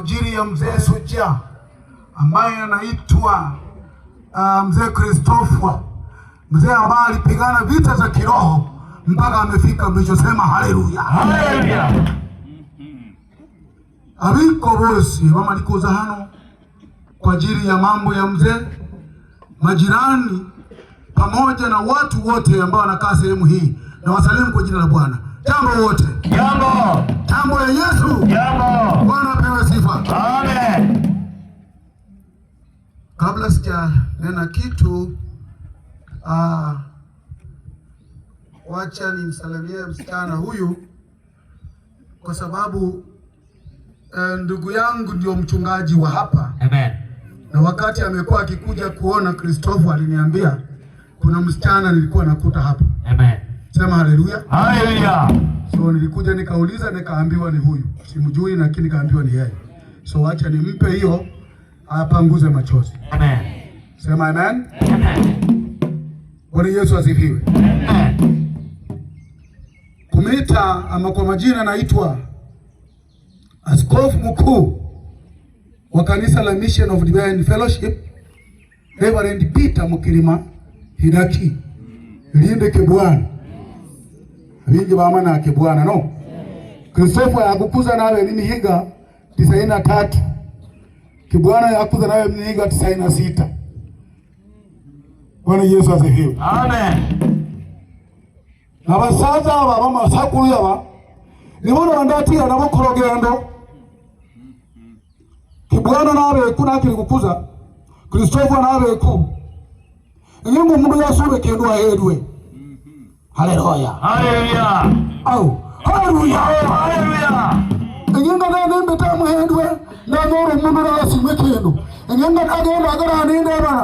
Injili ya mzee Suja ambaye anaitwa uh, mzee Kristofa, mzee ambaye alipigana vita za kiroho mpaka amefika mlichosema. Haleluya, haleluya. Mm-hmm. abiko bose bamalikuza hano kwa ajili ya mambo ya mzee, majirani pamoja na watu wote ambao wanakaa sehemu hii, na wasalimu kwa jina la Bwana. Jambo wote, jambo jambo ya Yesu, jambo. Kabla sijanena kitu uh, wacha nimsalimie msichana huyu kwa sababu uh, ndugu yangu ndio mchungaji wa hapa Amen. Na wakati amekuwa akikuja kuona Kristofu aliniambia kuna msichana nilikuwa nakuta hapa Amen. Sema haleluya, haleluya. So nilikuja nikauliza, nikaambiwa ni huyu, simjui, lakini kaambiwa ni yeye. So wacha nimpe hiyo ayapanguze machozi. Amen. Sema amen. Amen. Bwana Yesu asifiwe. Amen. Kumita ama kwa majina naitwa askofu mkuu wa kanisa la Mission of Divine Fellowship Reverend Peter Mukirima Hidaki linde kebwana vingi vamana kebwana no Kristofa yakukuza nawe nimihiga tisaini na tatu Kibwana yakuza nayo mniiga tisaini na sita. Bwana Yesu asifiwe. Amen. Abasaza aba bamasakuya aba nibono ndatira nabo korogendo Kibwana kuna nakiri kukuza Kristofu Kristofa nabeku ingingo mundu yasube kindu aherwe Haleluya. Haleluya. Au. Haleluya. Haleluya nanyoore mundu naasime kindu eng'enga nagenda agera nindebara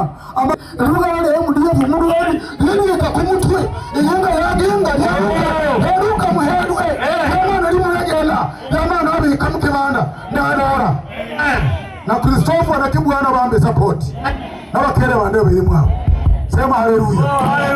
erugale emudiyevu mulwali liniika ku mutwe eng'enga yagenga oh. heruka muhedwe eh, eh, yamana limuregela yamana abika mukibanda ndadora na kristofu eh. anakibwana bambe sapoti nabakere bande beimwabo sema haleluya oh,